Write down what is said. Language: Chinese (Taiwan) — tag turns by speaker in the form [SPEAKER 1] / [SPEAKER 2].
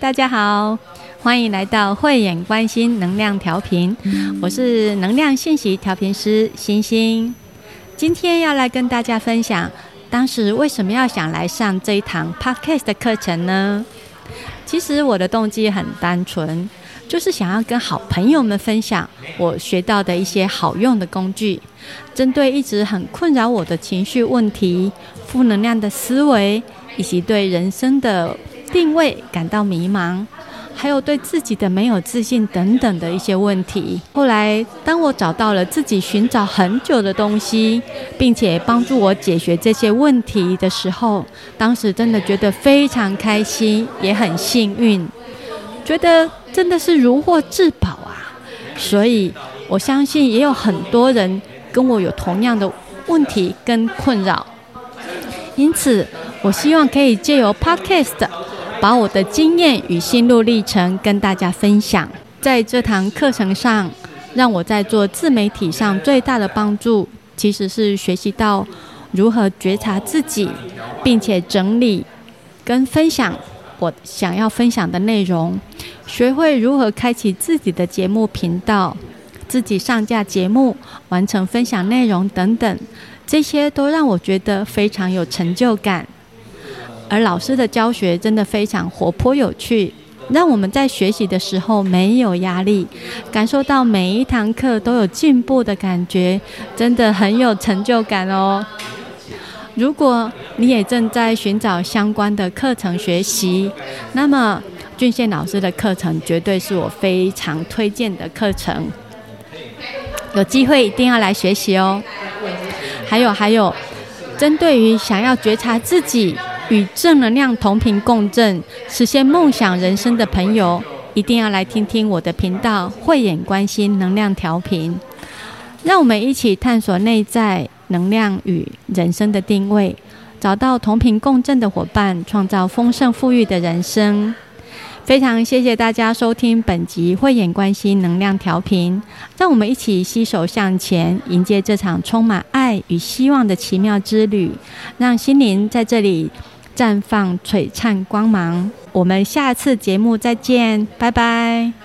[SPEAKER 1] 大家好，歡迎來到惠眼觀心能量調頻。我是能量信息調頻師心星。今天要來跟大家分享，當時為什麼要想來上這一堂 Podcast 的課程呢？其實我的動機很單純，就是想要跟好朋友們分享我學到的一些好用的工具，針對一直很困擾我的情緒問題、負能量的思維，以及對人生的。定位感到迷茫，還有對自己的沒有自信等等的一些問題。後來，當我找到了自己尋找很久的東西，並且幫助我解決這些問題的時候，當時真的覺得非常開心，也很幸運，覺得真的是如獲至寶啊！所以，我相信也有很多人跟我有同樣的問題跟困擾，因此，我希望可以借由 Podcast。把我的經驗與心路歷程跟大家分享。在這堂課程上，讓我在做自媒體上最大的幫助，其實是學習到如何覺察自己，並且整理跟分享我想要分享的內容，學會如何開啟自己的節目頻道，自己上架節目，完成分享內容等等，這些都讓我覺得非常有成就感。而老師的教學真的非常活潑有趣，讓我們在學習的時候沒有壓力，感受到每一堂課都有進步的感覺，真的很有成就感哦。如果你也正在尋找相關的課程學習，那麼俊憲老師的課程絕對是我非常推薦的課程，有機會一定要來學習哦。還有還有，針對於想要覺察自己。與正能量同頻共振，實現夢想人生的朋友，一定要來聽聽我的頻道《惠眼觀心能量調頻》。讓我們一起探索內在能量與人生的定位，找到同頻共振的夥伴，創造豐盛富裕的人生。非常謝謝大家收聽本集《惠眼觀心能量調頻》，讓我們一起攜手向前，迎接這場充滿愛與希望的奇妙之旅。讓心靈在這裡。綻放璀璨光芒，我們下次節目再見，拜拜。